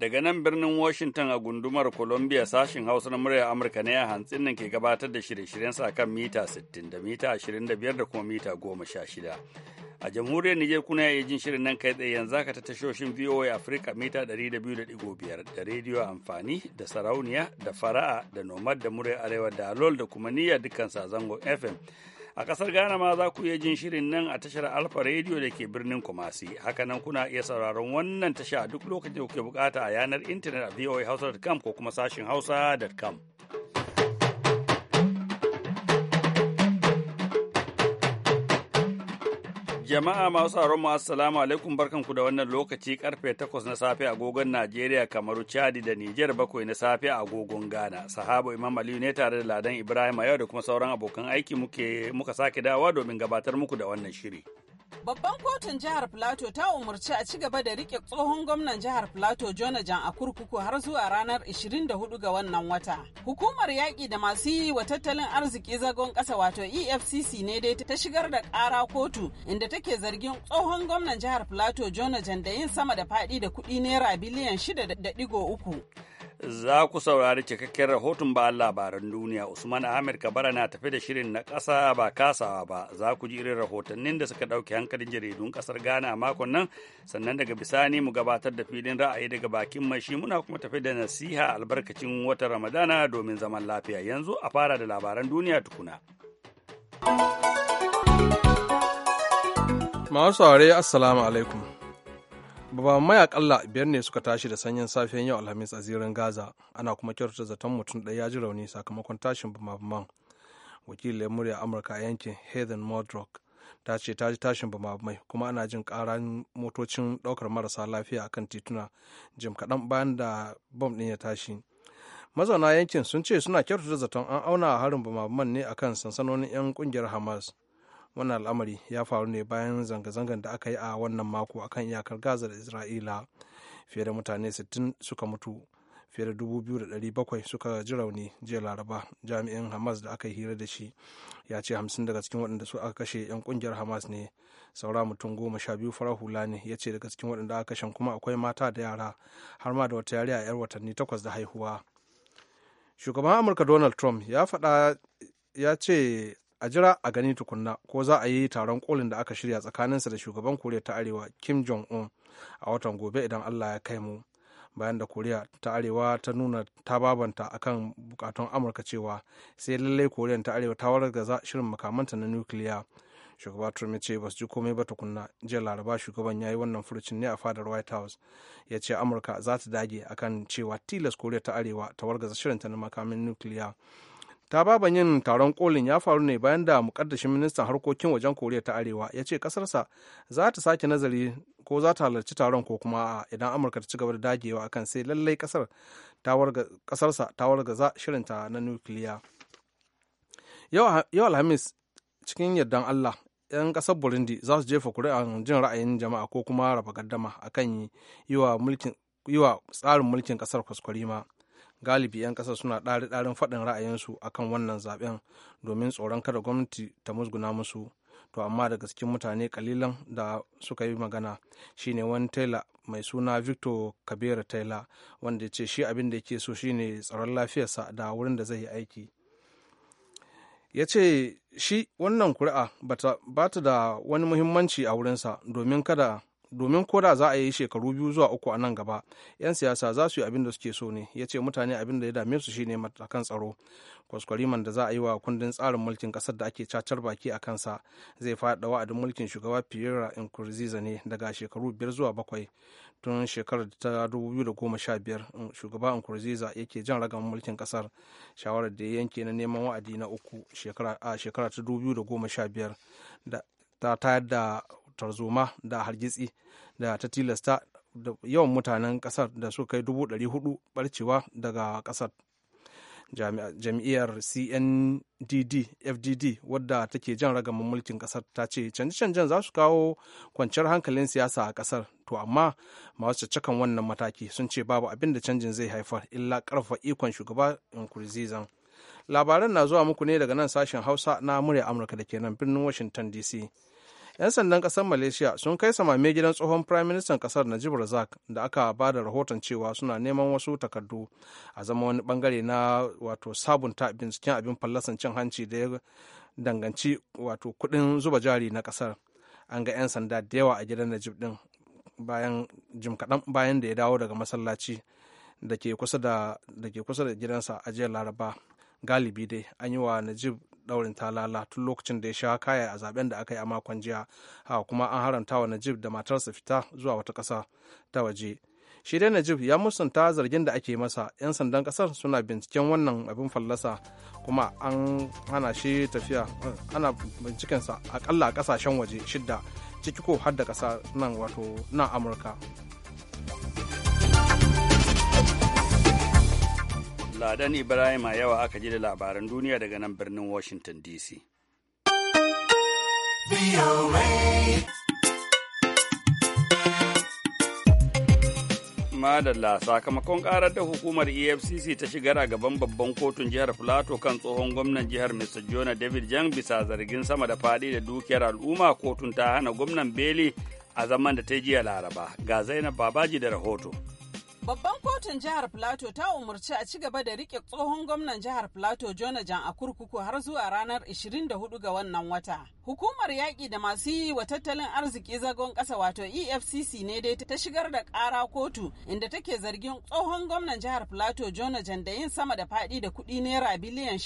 daga nan birnin Washington a gundumar Columbia sashen Hausa na muryar Amurka ne a hantsin nan ke gabatar da shirye-shiryen sa kan mita 60 da mita 25 da kuma mita 16. A jamhuriyar Nijar kuna iya jin shirin nan kai tsaye yanzu ka ta tashoshin VOA afirka mita 200.5 da rediyo amfani da sarauniya da fara'a da nomad da murya arewa da alol da kuma niyyar dukkan sa zango FM. A ƙasar Ghana ma za ku iya jin shirin nan a tashar Alfa Radio da ke birnin Kumasi. Hakanan kuna iya sauraron wannan tasha duk lokacin da kuke bukata a yanar intanet a hausa.com ko kuma sashin hausa.com. Jama'a masu tsaron mu assalamu alaikum barkanku da wannan lokaci karfe takwas na safe agogon Najeriya kamaru Chadi da niger bakwai na safe agogon Ghana. Sahabo Imam Aliyu ne tare da Ladan Ibrahim a yau da kuma sauran abokan aiki muke muka sake dawa domin gabatar muku da wannan shiri. Babban kotun jihar Filato ta umarci a ci gaba da rike tsohon gwamnan jihar Filato Jonajan a kurkuku har zuwa ranar 24 ga wannan wata. Hukumar yaƙi da masu yi wa tattalin arziki zagon ƙasa wato EFCC ne dai ta shigar da ƙara kotu inda take zargin tsohon gwamnan jihar Filato Jonajan da yin sama da faɗi da kuɗi naira biliyan 6.3. za ku saurari cikakken rahoton ba labaran duniya usman ahmed kabara na tafi da shirin na ƙasa ba kasawa ba za ku ji irin rahotannin da suka ɗauki hankalin jaridun ƙasar ghana a makon nan sannan daga bisani mu gabatar da filin ra'ayi daga bakin mai shi muna kuma tafi da nasiha albarkacin wata ramadana domin zaman lafiya yanzu a fara da labaran duniya tukuna masu saurari assalamu alaikum babamai akalla biyar ne suka tashi da sanyin safiyan yau alhamis a zirin gaza ana kuma kyautata zaton mutum ɗaya ya ji rauni sakamakon tashin bamabaman wakilin murya amurka a yankin heathen modrock ta ce ta ji tashin bamabamai kuma ana jin karan motocin ɗaukar marasa lafiya akan tituna jim kaɗan bayan da bom ɗin ya tashi mazauna yankin sun ce suna kyautata zaton an auna harin bamabaman ne akan sansanonin 'yan ƙungiyar hamas wannan al'amari ya faru ne bayan zanga-zangar da aka yi a wannan mako akan iyakar gaza da isra'ila fiye da mutane 60 suka mutu fiye da 2,700 suka ji rauni jiya laraba jami'in hamas da aka yi hira da shi ya ce 50 daga cikin waɗanda su aka kashe 'yan kungiyar hamas ne saura mutum goma sha biyu farar hula ne ya ce daga cikin waɗanda aka kashe kuma akwai mata da yara har ma da wata yari a 'yar watanni takwas da haihuwa shugaban amurka donald trump ya ya ce a jira a gani tukunna ko za a yi taron kolin da aka shirya tsakaninsa da shugaban koriya ta arewa kim jong un a watan gobe idan allah ya kai mu bayan da koriya ta arewa ta nuna ta babanta akan bukatun amurka cewa sai lallai koriya ta arewa ta wargaza shirin makamanta na nukiliya shugaba trump ya ce ba su ji komai ba tukunna jiya laraba shugaban ya yi wannan furucin ne a fadar white house ya ce amurka za ta dage akan cewa tilas koriya ta arewa ta wargaza shirinta na makamin nukiliya ta baban yin taron kolin ya faru ne bayan da mukaddashin ministan harkokin wajen koriya ta arewa ya ce kasarsa za ta sake nazari ko za ta halarci taron ko kuma a idan amurka ta ci gaba da dagewa akan sai lallai kasar kasarsa ta za shirinta na nukiliya yau alhamis cikin yardan allah 'yan kasar burundi za su jefa kuri'an jin ra'ayin jama'a ko kuma raba gaddama akan yi wa tsarin mulkin kasar ma. galibi 'yan kasa suna ɗari ɗarin faɗin ra'ayinsu akan wannan zaben domin tsoron kada gwamnati ta musguna musu to amma daga cikin mutane kalilan da suka yi magana shine wani taila mai suna victor kabera taila wanda ya ce shi abin da yake so shine tsaron lafiyarsa da wurin da zai yi aiki ya ce shi wannan kuri'a ba ta da wani muhimmanci a wurinsa domin kada domin ko da za a yi shekaru biyu zuwa uku a nan gaba yan siyasa za su yi abin da suke so ne ya ce mutane abin da ya dame su shine matakan tsaro kwaskwariman da za a yi wa kundin tsarin mulkin kasar da ake cacar baki a kansa zai faɗa wa'adin mulkin shugaba pierre nkurunziza ne daga shekaru biyar zuwa bakwai tun shekarar ta dubu da goma sha biyar shugaba nkurunziza yake jan ragan mulkin kasar shawarar da ya yanke na neman wa'adi na uku a shekara ta dubu da 2015 ta tayar da tarzoma da hargitsi da ta tilasta yawan mutanen kasar da suka kai dubu ɗari hudu barcewa daga kasar jam'iyyar cndd fdd wadda take jan ragaman mulkin kasar ta ce canje-canjen za su kawo kwanciyar hankalin siyasa a kasar to amma masu caccakan wannan mataki sun ce babu abin da canjin zai haifar illa karfa ikon shugaba nkurzizan labaran na zuwa muku ne daga nan sashen hausa na murya amurka da ke nan birnin washington dc 'yan sandan kasar malaysia sun kai samame gidan tsohon prime minister kasar najib razak da aka ba da rahoton cewa suna neman wasu takardu a zama wani bangare na wato sabunta binciken abin fallasan cin hanci da ya danganci wato kudin zuba jari na kasar an ga 'yan sanda da yawa a gidan najib din bayan jim kaɗan bayan da ya dawo daga masallaci da ke kusa da gidansa a jiya laraba galibi dai an yi wa najib daurin talala tun lokacin da ya sha kaya a zaben da aka yi a makon jiya haka kuma an haramta wa najib da matarsa fita zuwa wata ƙasa ta waje shi dai najib ya musanta zargin da ake masa 'yan sandan ƙasar suna binciken wannan abin fallasa kuma an hana shi tafiya ana bincikensa akalla a kasashen waje shidda ciki ko har da kasa nan wato nan amurka Ladan Ibrahim a yawa aka ji da labaran duniya daga nan birnin Washington DC. Madalla sakamakon karar da hukumar EFCC ta shigar a gaban babban kotun jihar Filato kan tsohon gwamnan jihar Mr. Jonah David Jan bisa zargin sama da faɗi da dukiyar al'umma kotun ta hana gwamnan Beli a zaman da ta jiya Laraba ga Zainab Babaji da rahoto. Babban kotun jihar Filato ta umarci a ci gaba da rike tsohon gwamnan jihar Filato Jonajan a kurkuku har zuwa ranar 24 ga wannan wata. Hukumar yaƙi da masu yi wa tattalin arziki zagon ƙasa wato EFCC ne dai ta shigar da ƙara kotu inda take zargin tsohon gwamnan jihar Filato Jonajan da yin sama da faɗi da kuɗi naira biliyan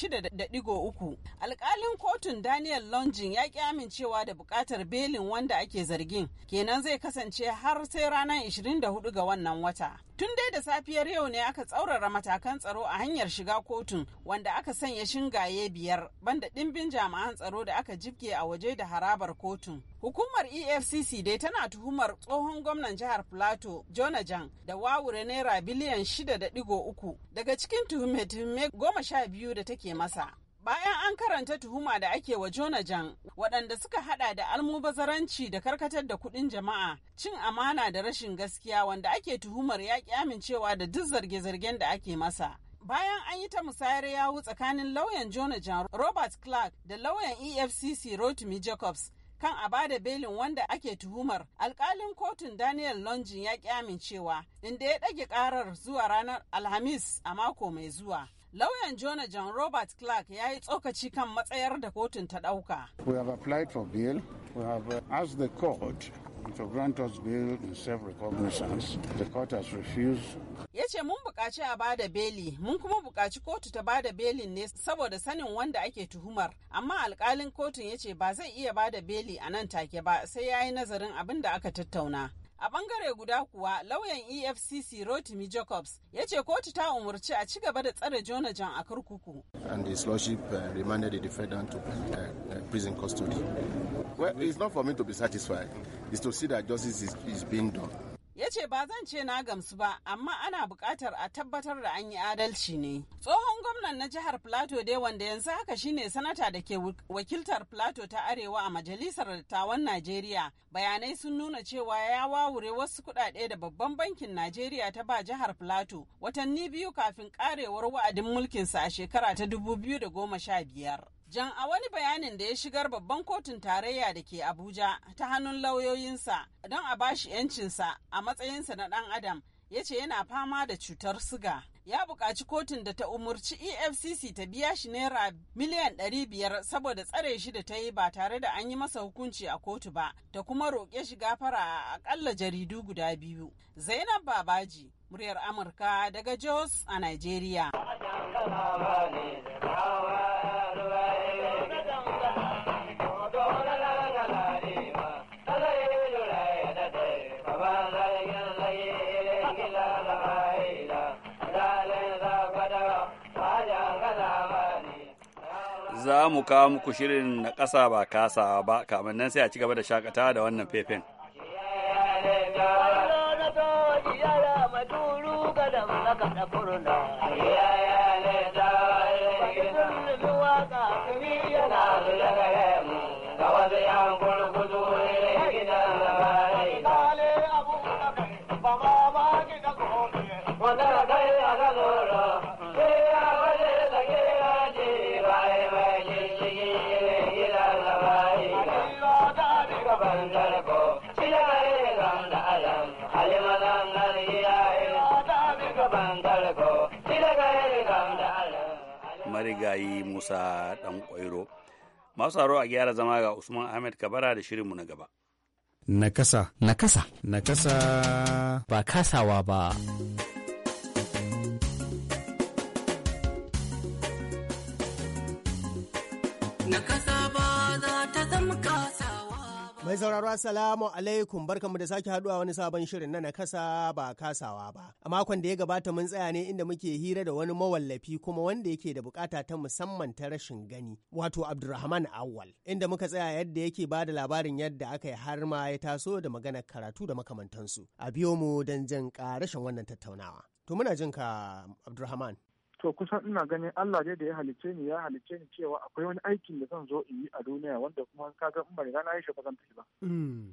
uku. Alƙalin kotun Daniel Longin ya ƙi amincewa da buƙatar belin wanda ake zargin. Kenan zai kasance har sai ranar 24 ga wannan wata. Tun dai da safiyar yau ne aka tsaurara matakan tsaro a hanyar shiga kotun wanda aka sanya shingaye biyar banda dimbin jami'an tsaro da aka jibge a waje da harabar kotun. Hukumar EFCC dai tana tuhumar tsohon gwamnan jihar plato Jonajan, da wawure naira biliyan 6.3, daga cikin tuhume-tuhume goma sha biyu da take masa. Bayan an karanta tuhuma da ake wa Jonajan, waɗanda suka hada da almubazaranci da karkatar da kuɗin jama'a, cin amana da rashin gaskiya wanda ake tuhumar yaƙi amincewa da duk zarge-zargen da ake masa. bayan an yi ta musayar yawu tsakanin lauyan jonajan robert clark da lauyan efcc rotimi jacobs kan a bada belin wanda ake tuhumar alkalin kotun daniel longin ya ki amincewa inda ya ɗage karar zuwa ranar alhamis a mako mai zuwa Lauyan Jona John Robert Clark ya yi tsokaci kan matsayar da kotun ta dauka. We have applied for bail. We have uh, asked the court to grant us bail in self-recognizance. The court has refused. Ya ce mun buƙaci a bada beli, mun kuma bukaci kotu ta bada belin ne saboda sanin wanda ake tuhumar. Amma alƙalin kotun ya ce ba zai iya bada beli a nan take ba sai ya yi nazarin abin da aka tattauna. A bangare guda kuwa lauyan EFCC Rotimi Jacobs ya ce kotu ta umarci a ci gaba da tsare Jonajan a kurkuku. And his lordship uh, the defendant to uh, uh, prison custody. Well, it's not for me to be satisfied. It's to see that justice is, is being done. ya ce ba zan ce na gamsu ba amma ana bukatar a tabbatar da an yi adalci ne tsohon gwamnan na jihar plateau dai wanda yanzu haka shine sanata da ke wakiltar plateau ta arewa a majalisar dattawan najeriya bayanai sun nuna cewa ya wawure wasu kuɗaɗe da babban bankin najeriya ta ba jihar plateau watanni biyu kafin karewar wa'adin mulkinsa a shekara ta 2015 Jan a wani bayanin da ya shigar babban kotun tarayya da ke Abuja ta hannun lauyoyinsa don a bashi 'yancinsa a matsayinsa na ɗan adam ya ce yana fama da cutar siga. Ya buƙaci kotun da ta umarci EFCC ta biya shi naira miliyan 500 saboda tsare shi da ta yi ba tare da an yi masa hukunci a kotu ba, ta kuma roƙe shi gafara a aƙalla jaridu guda biyu. Zainab Babaji muryar Amurka daga Jos a nigeria. Za mu kawo muku shirin na ƙasa ba kasa ba, kamar nan sai a ci gaba da shakata da wannan fefen. kada mu na? kurna. marigayi musa dan kwairo masu haro a gyara zama ga usman ahmed kabara da shirinmu na gaba nakasa nakasa nakasa ba kasawa ba nakasa Mai sauraro Assalamu alaikum barkanmu da sake haduwa wani sabon shirin na nakasa ba kasawa ba. A makon da ya gabata mun tsaya ne inda muke hira da wani mawallafi kuma wanda yake da bukata ta musamman ta rashin gani, wato Abdulrahman Awwal, inda muka tsaya yadda yake ba da labarin yadda aka yi har ma ya taso da magana karatu da makamantansu. A biyo mu don jin karashin wannan tattaunawa. To muna jin ka Abdulrahman. to kusan ina ganin Allah dai da ya halicce ni ya halicce ni cewa akwai wani aikin da zan zo in yi a duniya wanda kuma ka ga in ban riga na yi shi ba zan tafi ba mm.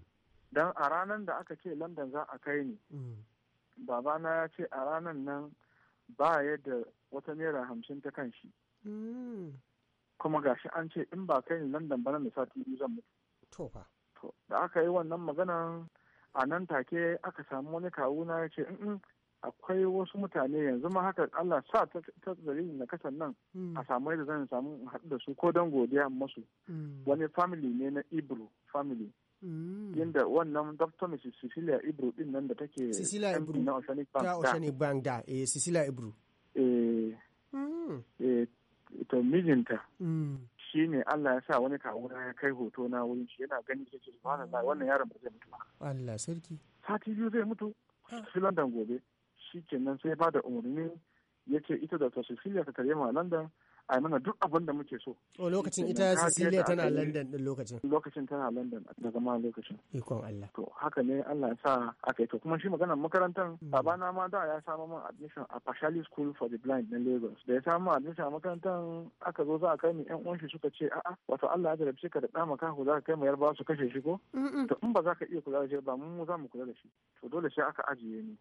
dan a ranar da aka ce London za a kai ni mm. babana ya ce a ranar nan ba yadda wata naira hamsin ta kan shi mm. kuma gashi an ce in ba kai ni London ba nan da sati biyu zan mutu to fa to da aka yi wannan maganan a nan take aka samu wani kawuna ya ce akwai wasu mutane yanzu ma haka Allah sa ta dalilin na kasan nan hmm. a samu yadda zan samu haɗu da su ko don godiya masu hmm. wani family ne na Ibro family hmm. yadda wannan Dr. Mrs. Cecilia Ibro din nan da take Cecilia Ibro na Oceanic Bank ta Oceanic Bank da eh Cecilia Ibro eh eh to mijinta shi ne Allah ya sa wani kawuna ya kai hoto na wurin shi yana ganin shi subhanallah wannan yaron ba zai mutu ba Allah sarki sati biyu zai mutu ah. shi London gobe shi kenan sai ba da umarni ya ce ita da ta Cecilia ta mu a London a mana duk abin da muke so. O oh, lokacin ita Cecilia tana London din lokacin. Lokacin tana London daga ma lokacin. Ikon Allah. To haka ne Allah ya sa aka yi to kuma shi maganar makarantar hmm. babana ma da ya samu min admission a Pashali School for the Blind na Lagos. Da ya samu admission a makarantar aka zo za a kai ni yan uwan shi suka ce a'a wato Allah ya jarabce ka da ɗa maka ku za ka kai ma yarba su kashe shi ko? To in ba za ka iya kula da shi ba mu za mu kula da shi. To dole sai aka ajiye ni.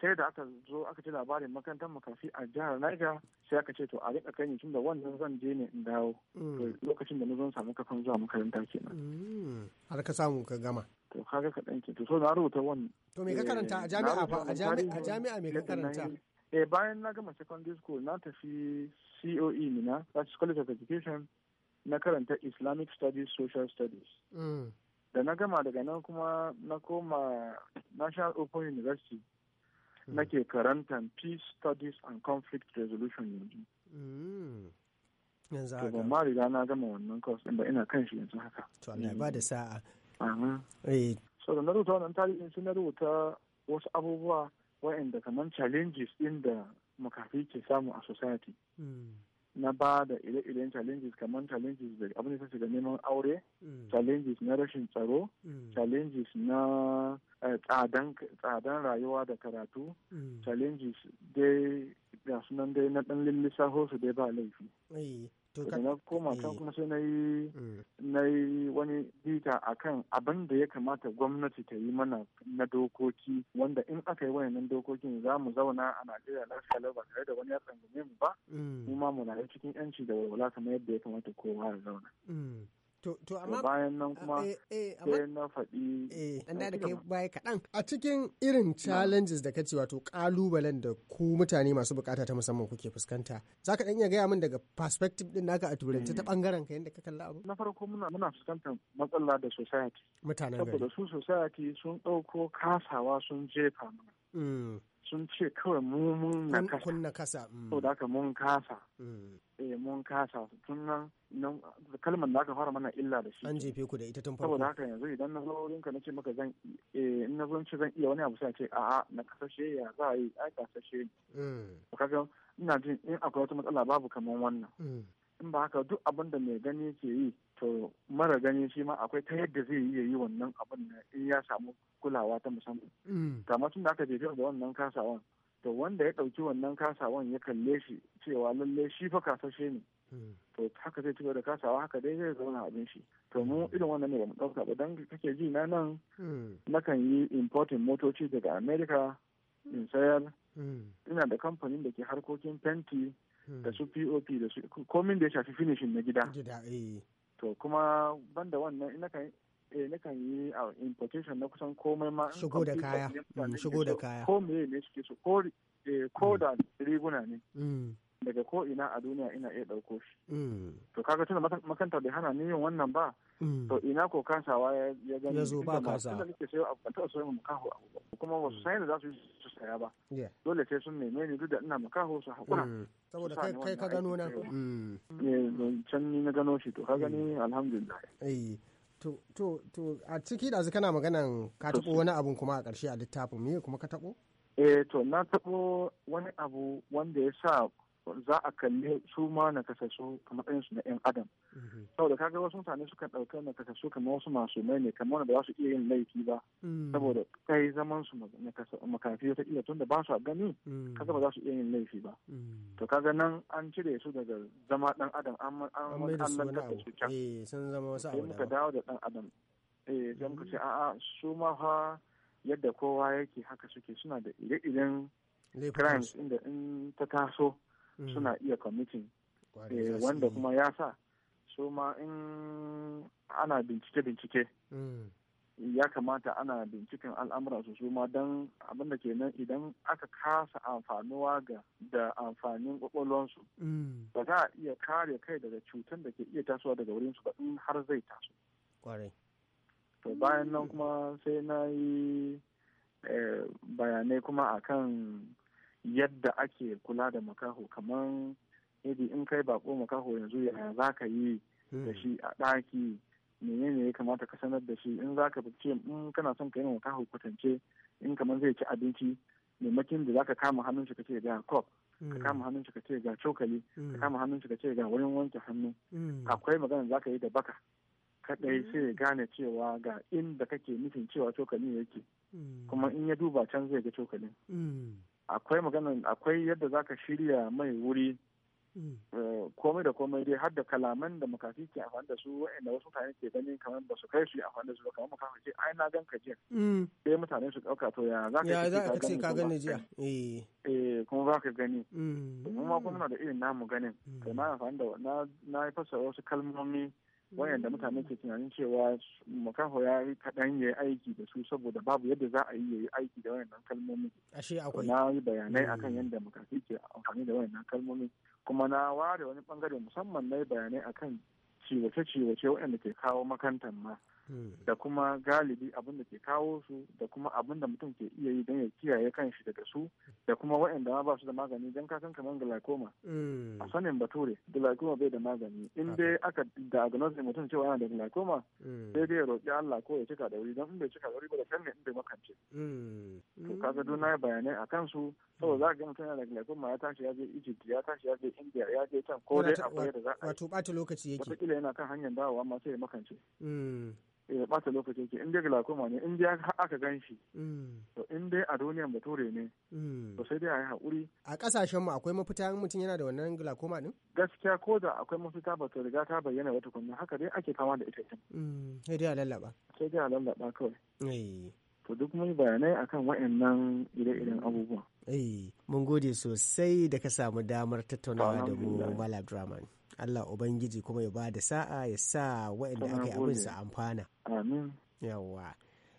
sai da aka zo aka ci labarin makarantar makafi a jihar Niger sai aka ce to a rika kai ni tun da wannan zan je ne in dawo mm. lokacin da na zan samu kafin zuwa makaranta kenan mm. har ka samu ka gama to kaga ka danke to so na rubuta wannan to me ka karanta a jami'a eh, a jami'a a jami'a me ka karanta eh bayan na gama secondary school na tafi COE ne na that's College of Education na karanta Islamic Studies Social Studies mm. da na gama daga nan kuma na koma National Open University nake karantan peace studies and conflict resolution yanzu mm. yanzu haka ma riga na gama wannan course ba ina kan shi yanzu haka to Allah ba da sa'a eh. so da na rubuta wannan tarihin sun rubuta wasu abubuwa wayanda kamar challenges din da makafi ke samu a society mm. na ba da ire-iren challenges kamar challenges da abin da shiga neman aure mm. challenges na rashin tsaro mm. challenges na eh, tsadan rayuwa da karatu mm. challenges dai ga sunan dai na dan lissafo su dai ba laifi eh. da na koma kan eh. kuma sai na yi mm. na yi wani bita akan abin da ya kamata gwamnati ta yi mana na dokoki wanda in aka yi wayannan dokokin za mu zauna a Najeriya lafiya lau ba tare da wani ya tsangume mu ba mm. mu ma mu na cikin yanci da walwala kamar yadda ya kamata kowa ya zauna. Mm. To amma bayan nan kuma eh, eh, sai na faɗi. Eh, da kai baya kaɗan. A cikin irin challenges da kace wato kalubalen da ku mutane masu bukata ta musamman kuke fuskanta. Za ka ɗan iya gaya min daga perspective ɗin naka a turance ta mm. ɓangaren ka yadda ka kalla abu? Na farko muna muna fuskantar matsala da society. Mutanen gari. Saboda su society sun ɗauko kasawa sun jefa mana. Mm. Sun ce kawai mun na kasa. Kun na kasa. Mm. Saboda haka mun kasa. mun kasa tun nan kalmar da aka fara mana illa da shi an jefe ku da ita tun farko saboda haka yanzu idan na zo ka maka zan eh, na zo ce zan iya wani abu sai ce a'a na kasashe ya za a yi a kasashe mm kaga ina jin in akwai wata matsala babu kamar wannan mm. in ba haka duk abin da mai gani ke yi to mara gani shi ma akwai ta yadda zai iya yi wannan abin in ya samu kulawa ta musamman. Mm. Kamar tun da aka jefe da wannan kasawan to wanda ya ɗauki wannan kasawan ya kalle shi cewa lalle shi fa kasashe ne hmm. to haka zai cigaba da kasawa haka dai zai zauna abin shi to mu hmm. irin wannan ne ba mu ɗauka ba don kake ji na nan hmm. nakan yi importing motoci daga america in sayar ina da kamfanin da ke harkokin fenti da su pop da su komin da ya shafi finishing na gida eh. to kuma banda wannan ina kan Eh, na kan yi a ah, importation na kusan komai ma shigo da kaya mm, shigo da kaya ko meye ne suke ko eh, mm. ko da riguna ne mm. daga ko ina a duniya ina iya ɗauko shi to kaga tunda makanta bai hana ni yin wannan ba to ina ko kasawa ya gani ya zo ba kasa tunda nake sayo ba ta sayo makaho abu kuma wasu sai da za su su saya ba dole sai sun neme ni duk da ina makaho su hakura saboda kai kai ka gano na eh, can ni na gano shi to ka gani alhamdulillah to a ciki da kana maganan ka taɓo wani abu kuma a ƙarshe a littafin me kuma ka taɓo eh to na taɓo wani abu wanda ya sa za a kalli su ma na kasassu a matsayinsu na 'yan adam mhm. saboda kaga wasu mutane sukan ɗauka na kasasu kamar wasu masu mai ne kamar wanda ba su iya yin laifi ba mm. saboda kai zaman su makafi ta iya tunda ba su gani mm. kaga ba za su iya yin laifi ba mm. to kaga nan an cire su daga zama ɗan adam an lantar da su can eh, sai muka dawo da ɗan adam eh sai ce a'a su ma fa yadda kowa yake haka suke suna da ire-iren crimes inda in ta taso Mm. suna iya committing eh, wanda kuma ya sa so ma in ana bincike-bincike mm. ya kamata ana binciken al'amura su su ma don abinda kenan idan aka kasa amfanuwa ga da amfanin kwakwalwansu mm. ba za a iya kare kai daga cutan da ke iya tasowa daga wurinsu ba in har zai taso to bayan nan kuma sai na yi eh, bayanai kuma akan yadda ake kula da makaho kamar yadda in kai bako makaho yanzu yaya za ka yi da shi a ɗaki menene ya kamata ka sanar da shi in za ka ce in kana son ka yi makaho kwatance in kamar zai ci abinci maimakin da za ka kama hannun shi ka ce ga kop ka kama hannun shi ka ce ga cokali ka mm. kama hannun shi ka ce ga wurin wanke hannu mm. akwai magana za ka yi da baka kadai mm. sai ya gane cewa ga inda kake nufin cewa cokali yake kuma in ya duba can zai ga cokali. akwai maganin akwai yadda zaka shirya mai wuri mm. eh, komai da komai dai har da kalaman da makafi ke amfani da su wa'anda wasu mutane ke ganin kamar ba su kai su amfani da su kamar makafi ce ai na gan ka jiya mm. sai mutane su ɗauka to ya za ka ce ka gani jiya eh kuma za ka gani domin ma kuma na da irin namu ganin mm. kai na amfani da na fassara wasu kalmomi wayanda mutane ke tunanin cewa makaho ya yi kaɗan ya yi aiki da su saboda babu yadda za a yi ya yi aiki da wayan kalmomi Ashe akwai. Na yi bayanai hmm. akan yadda makafi ke amfani da wayan kalmomi kuma na ware wani bangare musamman na yi bayanai akan ciwace-ciwace waɗanda ke kawo makantan ma. Hmm. da kuma galibi abin da ke kawo su da kuma abin da mutum ke iya yi don ya kiyaye kanshi daga su da kuma waɗanda ma ba su da magani don kasan kamar glaucoma hmm. a sanin bature glaucoma bai da magani in dai aka diagnose mutum cewa yana da glaucoma hmm. sai dai roƙi Allah ko ya cika da wuri don in bai cika da wuri ba da kan in bai makance to kaga don na bayanai a su saboda za ka ga mutum yana da glaucoma ya tashi ya je Egypt ya tashi ya je India ya je can ko dai akwai da za a wato ɓata lokaci yake kila yana kan hanyar dawowa ma sai ya makance ya bata lokacin ki in glaucoma ne in dai aka gan shi mm. to in dai a duniyan bature ne mm. to sai dai a yi haƙuri a ƙasashen mu akwai mafita in mutum yana da wannan glaucoma din gaskiya ko da akwai mafita ba ta riga ta bayyana wata tukunna haka dai ake kama da ita mm. sai dai a lallaba sai dai a lallaba kawai eh. to duk mun bayanai akan waɗannan ire-iren abubuwa Eh, mun gode sosai da ka samu damar tattaunawa da mu Malam Draman. Allah Ubangiji kuma ya ba da sa'a ya sa waɗanda aka yi abin su amfana. Amin. Yawwa.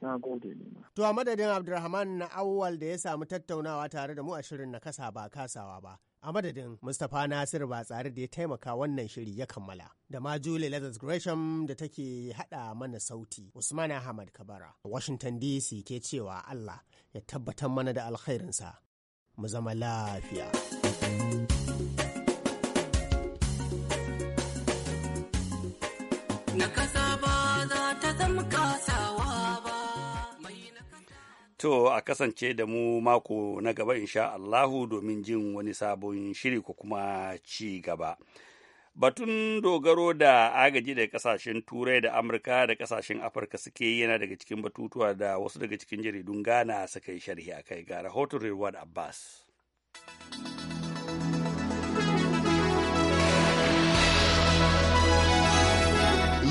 Na gode To a madadin Abdulrahman na awwal da ya samu tattaunawa tare da mu a shirin na kasa ba kasawa ba. A madadin Mustapha Nasir ba tsare da ya taimaka wannan shiri ya kammala. Da ma Julie Lazarus Gresham da take haɗa mana sauti. Usman Ahmad Kabara. Washington DC ke cewa Allah ya tabbatar mana da alkhairinsa. mu zama lafiya. To a kasance da mu mako na gaba insha Allahu domin jin wani sabon shiri ko kuma ci gaba. Batun dogaro da agaji da kasashen Turai da Amurka da kasashen Afirka suke yana daga cikin batutuwa da wasu daga cikin jaridun Ghana suka yi sharhi a kai ga rahoton Rirwan Abbas.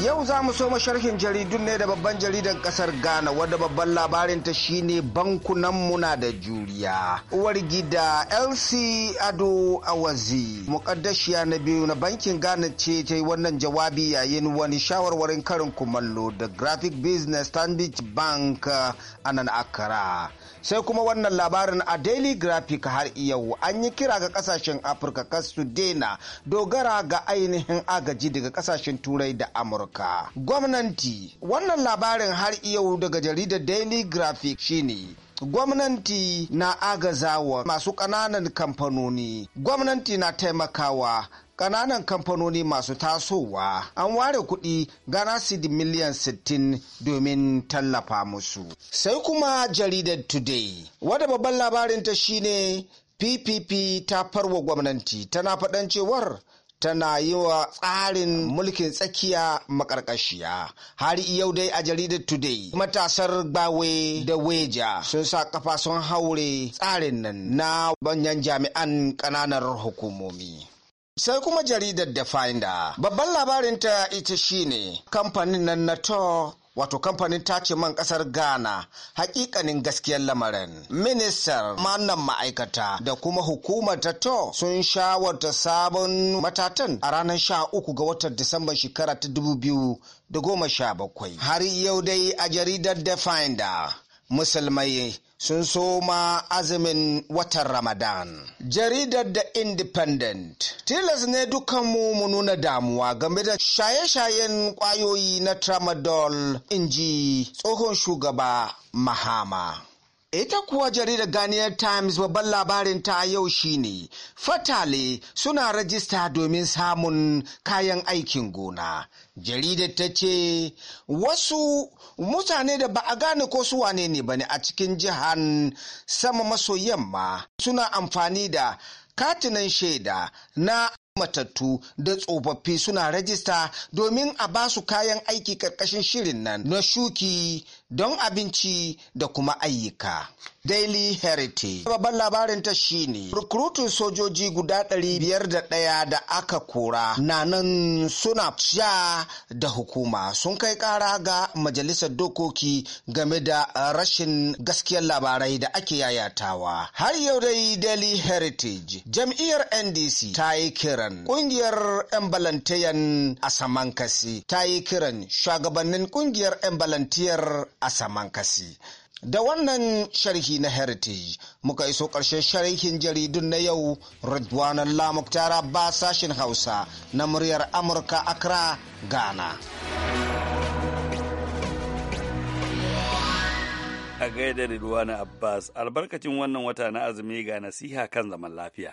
Yau za mu so sharhin jaridun ne da babban jaridan kasar Ghana wadda babban labarin ta shine bankunan muna da juriya. Uwar gida LC Ado Awazi, mukaddashiya na biyu na bankin Ghana ce ta yi wannan jawabi yayin wani shawarwarin karin kumallo da Graphic Business Standard Bank a nan akara sai kuma wannan labarin a daily graphic har yau an yi kira ga kasashen afirka kas su daina dogara ga ainihin agaji daga kasashen turai da amurka gwamnati wannan labarin har yau daga jaridar daily graphic shine gwamnati na agazawa masu kananan kamfanoni gwamnati na taimakawa ƙananan kamfanoni masu tasowa an ware kuɗi gana sidi miliyan 60 domin tallafa musu sai kuma jaridar today wadda babban labarinta shine ppp ta farwa gwamnati tana faɗan cewar tana yi wa tsarin mulkin tsakiya makarkashiya har yau dai a jaridar today matasar gbawe da weja sun sa kafa sun haure tsarin nan na banyan jami'an ƙananar hukumomi Sai kuma jaridar The Finder. Babban labarinta ita shine kamfanin nan na wato kamfanin tace man kasar ghana hakikanin gaskiyar lamarin Minister manan ma'aikata da kuma hukumar ta to sun shawarta sabon matatan a ranar sha uku ga watan disamban shekara ta dubu biyu da goma sha bakwai har yau dai a jaridar the finder musulmai sun soma azumin watan Ramadan. Jaridar da Independent tilas ne dukanmu mu nuna damuwa game da shaye-shayen kwayoyi na tramadol inji tsohon shugaba Mahama. Ita kuwa jaridar Ghanaian Times babban labarin ta yau shine fatale suna rajista domin samun kayan aikin gona. Jaridar ta ce wasu mutane da ba a gane ko su wane ne bane a cikin jihar sama maso yamma suna amfani da katinan shaida na matattu da tsofaffi suna rajista domin a basu kayan aiki karkashin shirin nan na shuki don abinci da kuma ayyuka. Daily Heritage. Babban labarin ta shine rukurutun sojoji guda ɗari biyar da ɗaya da aka kora na nan suna sha da hukuma sun kai ƙara ga majalisar dokoki game da rashin gaskiyar labarai da ake yayatawa. Har yau dai Daily Heritage jam'iyyar NDC ta yi kiran ƙungiyar 'yan Asaman a Samankasi ta yi kiran shugabannin ƙungiyar 'yan balantiyar a saman kasi. Da wannan sharhi na Heritage muka iso ƙarshen sharhin jaridun na yau Ridwan Lamuk ba sashin Hausa na muryar Amurka Accra, Ghana. A gaida Ridwan Abbas, albarkacin wannan wata na azumi ga nasiha kan zaman lafiya.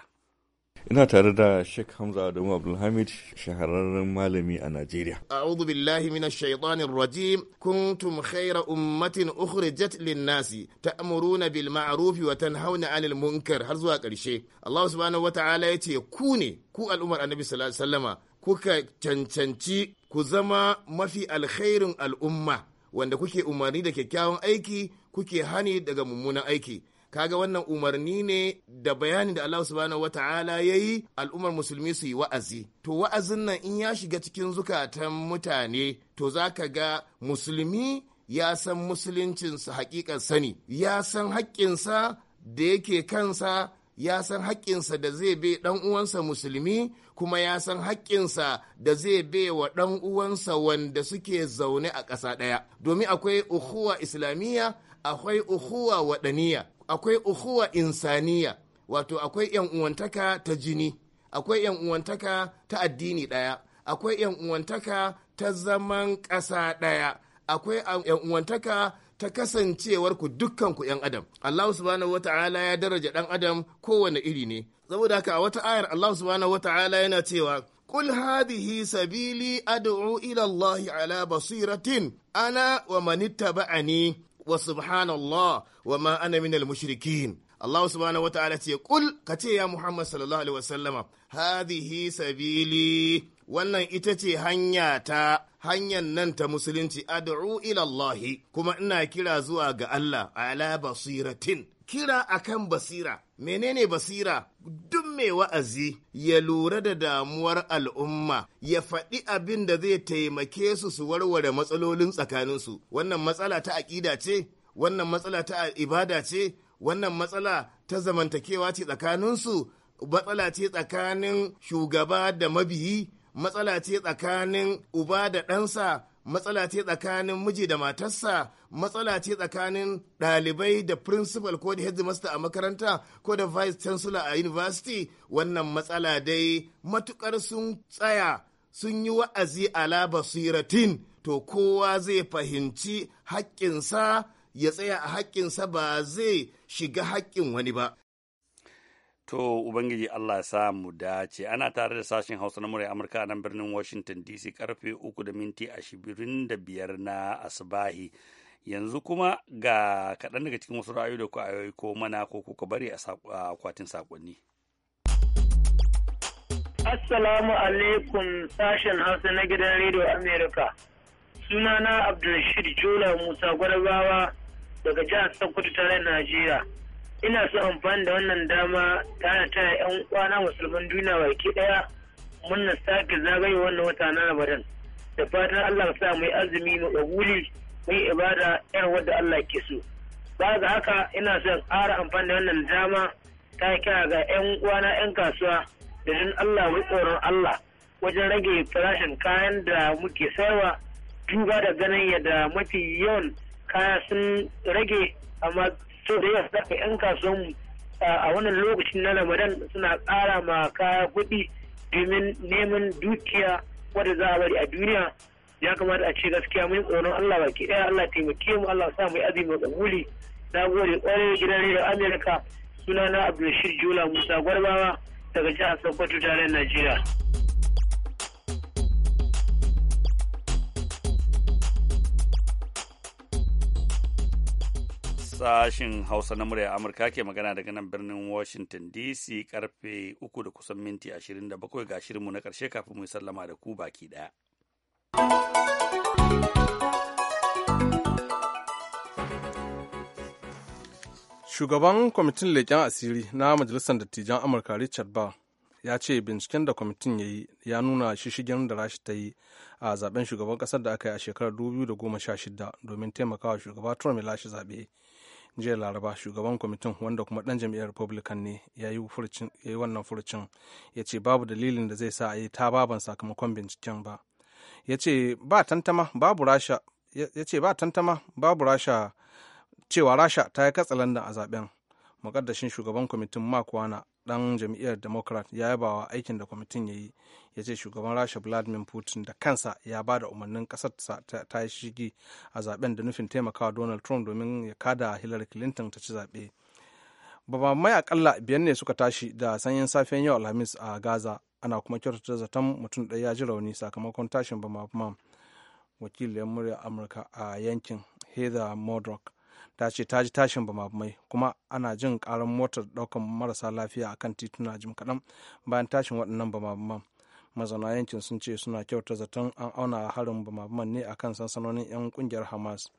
ina tare da Sheikh Hamza Adamu Abdulhamid shahararren malami a Najeriya. A'udhu billahi minash shaitanir rajim kuntum khayra ummatin ukhrijat lin-nasi ta'muruna bil ma'ruf wa tanhauna 'anil munkar har zuwa ƙarshe. Allah subhanahu wata'ala yace ku ne ku al'ummar Annabi sallallahu alaihi wasallama kuka cancanci ku zama mafi alkhairin al'umma wanda kuke umarni da kyakkyawan aiki kuke hani daga mummunan aiki. kaga wannan umarni ne da bayani da Allah subhanahu ya yi al'ummar musulmi su yi wa'azi to wa'azin nan in ya shiga cikin zukatan mutane to za ka ga musulmi ya san musuluncinsa hakikar sani ya san haƙƙinsa da yake kansa ya san haƙƙinsa da zai bai ɗan uwansa musulmi kuma ya san haƙƙinsa da zai bai wa ɗan uwansa wanda suke zaune a ƙasa ɗaya domin akwai uhuwa islamiyya akwai uhuwa waɗaniya akwai uhuwa insaniya wato akwai yan uwantaka ta jini akwai yan uwantaka ta addini daya akwai yan uwantaka ta zaman ƙasa daya akwai yan uwantaka ta kasancewar ku dukkan ku yan adam Allah subhanahu wata'ala ya daraja dan adam kowane iri ne saboda haka a wata ayar Allah subhanahu wata'ala yana cewa قل هذه سبيلي أدعو إلى الله على بصيرة أنا ومن اتبعني wa subhanallah wa ma ana minal mushrikin Allah subhanahu wataala ce kul ka ce ya Muhammad sallallahu alaihi wasallama hadhihi sabili wannan ita ce hanya ta hanyan nan ta musulunci ad'u ila Allah kuma ina kira zuwa ga Allah ala basiratin kira a kan basira menene basira duk mai wa'azi ya lura da damuwar al'umma ya faɗi abin da zai taimake su su warware matsalolin tsakaninsu wannan matsala ta aƙida ce wannan matsala ta ibada ce wannan matsala ta zamantakewa ce tsakaninsu matsala ce tsakanin shugaba da mabiyi matsala ce tsakanin uba da ɗansa matsala ce tsakanin miji da matarsa matsala ce tsakanin ɗalibai da principal ko da headmaster a makaranta ko da vice chancellor a university wannan matsala dai matukar sun tsaya sun yi wa'azi ala basiratin to kowa zai fahimci haƙƙinsa ya tsaya a haƙƙinsa ba zai shiga haƙƙin wani ba To Ubangiji Allah ya samu dace ana tare da sashen Hausa na murai Amurka a nan birnin Washington DC karfe uku da minti ashirin da biyar na Asbahi. Yanzu kuma ga kaɗan daga cikin wasu ra'ayoyi da ku ayoyi ko mana ko kuka bari a akwatin saƙonni. Assalamu alaikum sashen Hausa na gidan Radio Amerika. Sunana Abdulrashid Jola Musa Gwarabawa daga jihar Sokoto tare Najeriya. ina so amfani da wannan dama tana tana yan kwana musulman duniya baki daya muna sake zagaye wannan wata na ramadan da fatan allah sa mu azumi mu kabuli mu yi ibada yan wadda allah ke so ba haka ina son ƙara amfani da wannan dama ta kira ga yan kwana yan kasuwa da jin allah mu tsoron allah wajen rage farashin kayan da muke sayarwa duba da ganin yadda mafi yawan kaya sun rage amma sau da yawa zaka yan kasuwan a wannan lokacin na ramadan suna ƙara ma kaya kuɗi domin neman dukiya wadda za a bari a duniya ya kamata a ce gaskiya mun tsoron Allah baki ɗaya Allah taimake mu Allah sa mu yi azumi kabuli na gode kwarai gidan rediyo Amerika sunana Abdulrashid jula Musa Gwarbawa daga jihar Sokoto tare Najeriya. sashin Hausa na murya Amurka ke magana daga nan birnin Washington DC karfe uku da kusan minti 27 ga shirinmu na karshe kafin mu sallama da ku baki ɗaya. Shugaban kwamitin leƙen asiri na Majalisar Dattijan Amurka Richard Barr ya ce binciken da kwamitin ya yi ya nuna shishigin da rashi ta yi a zaben shugaban kasar da aka yi a shekarar 2016 domin taimakawa shugaba trump ya lashe zaɓe jiya laraba shugaban kwamitin wanda kuma dan jam'iyyar republican ne ya yi wannan furucin ya ce babu dalilin da zai sa a yi ta baban sakamakon binciken ba ya ce ba tantama babu rasha cewa rasha ta yi katsalandan a zaben mukaddashin shugaban kwamitin makwana. dan jam'iyyar democrat ya yaba wa aikin da kwamitin ya yi ya ce shugaban rasha vladimir putin da kansa ya ba da umarnin kasar ta yi shigi a zaben da nufin taimakawa donald trump domin ya kada hillary clinton ta ci zaɓe babamai akalla biyan ne suka tashi da sanyin safiyan yau alhamis a gaza ana kuma kyautata zaton mutum ɗaya ya ji rauni sakamakon tashin bama wakiliyar murya amurka a yankin heather modrock ta ce ta ji tashin mai kuma ana jin karan motar daukan marasa lafiya akan tituna jim kaɗan bayan tashin waɗannan man mazauna yankin sun ce suna kyauta zaton an auna harin bamabaman ne akan sansanonin 'yan ƙungiyar hamas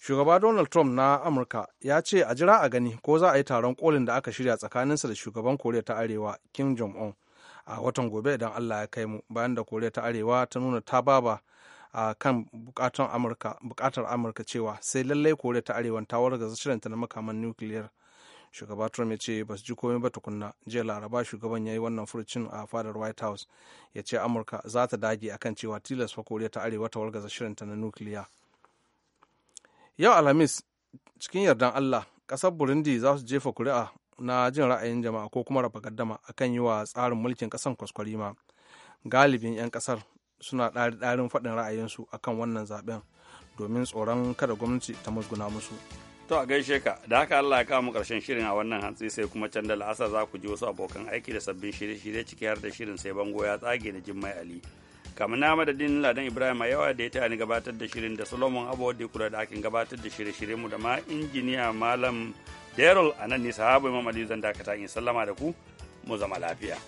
shugaba donald trump na amurka ya ce a jira a gani ko za a yi taron kolin da aka shirya tsakaninsa da shugaban koriya ta arewa kim jong un a watan gobe idan allah ya kai mu bayan da koriya ta arewa ta nuna ta baba a kan bukatar amurka cewa sai lallai koriya ta arewa ta wargaza shirinta na makaman nukiliyar shugaba trump ya ce ba su ji komai ba tukunna jiya laraba shugaban ya yi wannan furucin a fadar white house ya ce amurka za ta dage akan cewa tilas fa koriya ta arewa ta wargaza shirinta na nukiliya yau alhamis cikin yardan allah kasar burundi za su jefa kuri'a na jin ra'ayin jama'a ko kuma raba gaddama akan yi wa tsarin mulkin kasan kwaskwarima galibin 'yan kasar suna ɗarin faɗin ra'ayinsu akan wannan zaben domin tsoron kada gwamnati ta musguna musu. To a gaishe ka, da haka Allah ya mu karshen shirin a wannan hantsi sai kuma can da la'asa za ku ji wasu abokan aiki da sabbin shirye-shirye ciki har da shirin sai bango ya tsage na jimma'i Ali. Kamar na madadin Ladan Ibrahim a yawa da ya taya ni gabatar da shirin da Solomon Abu da kula da akin gabatar da shirye-shirye mu da ma injiniya Malam Daryl a nan ne sahabu Imam Ali zan dakata in sallama da ku mu zama lafiya.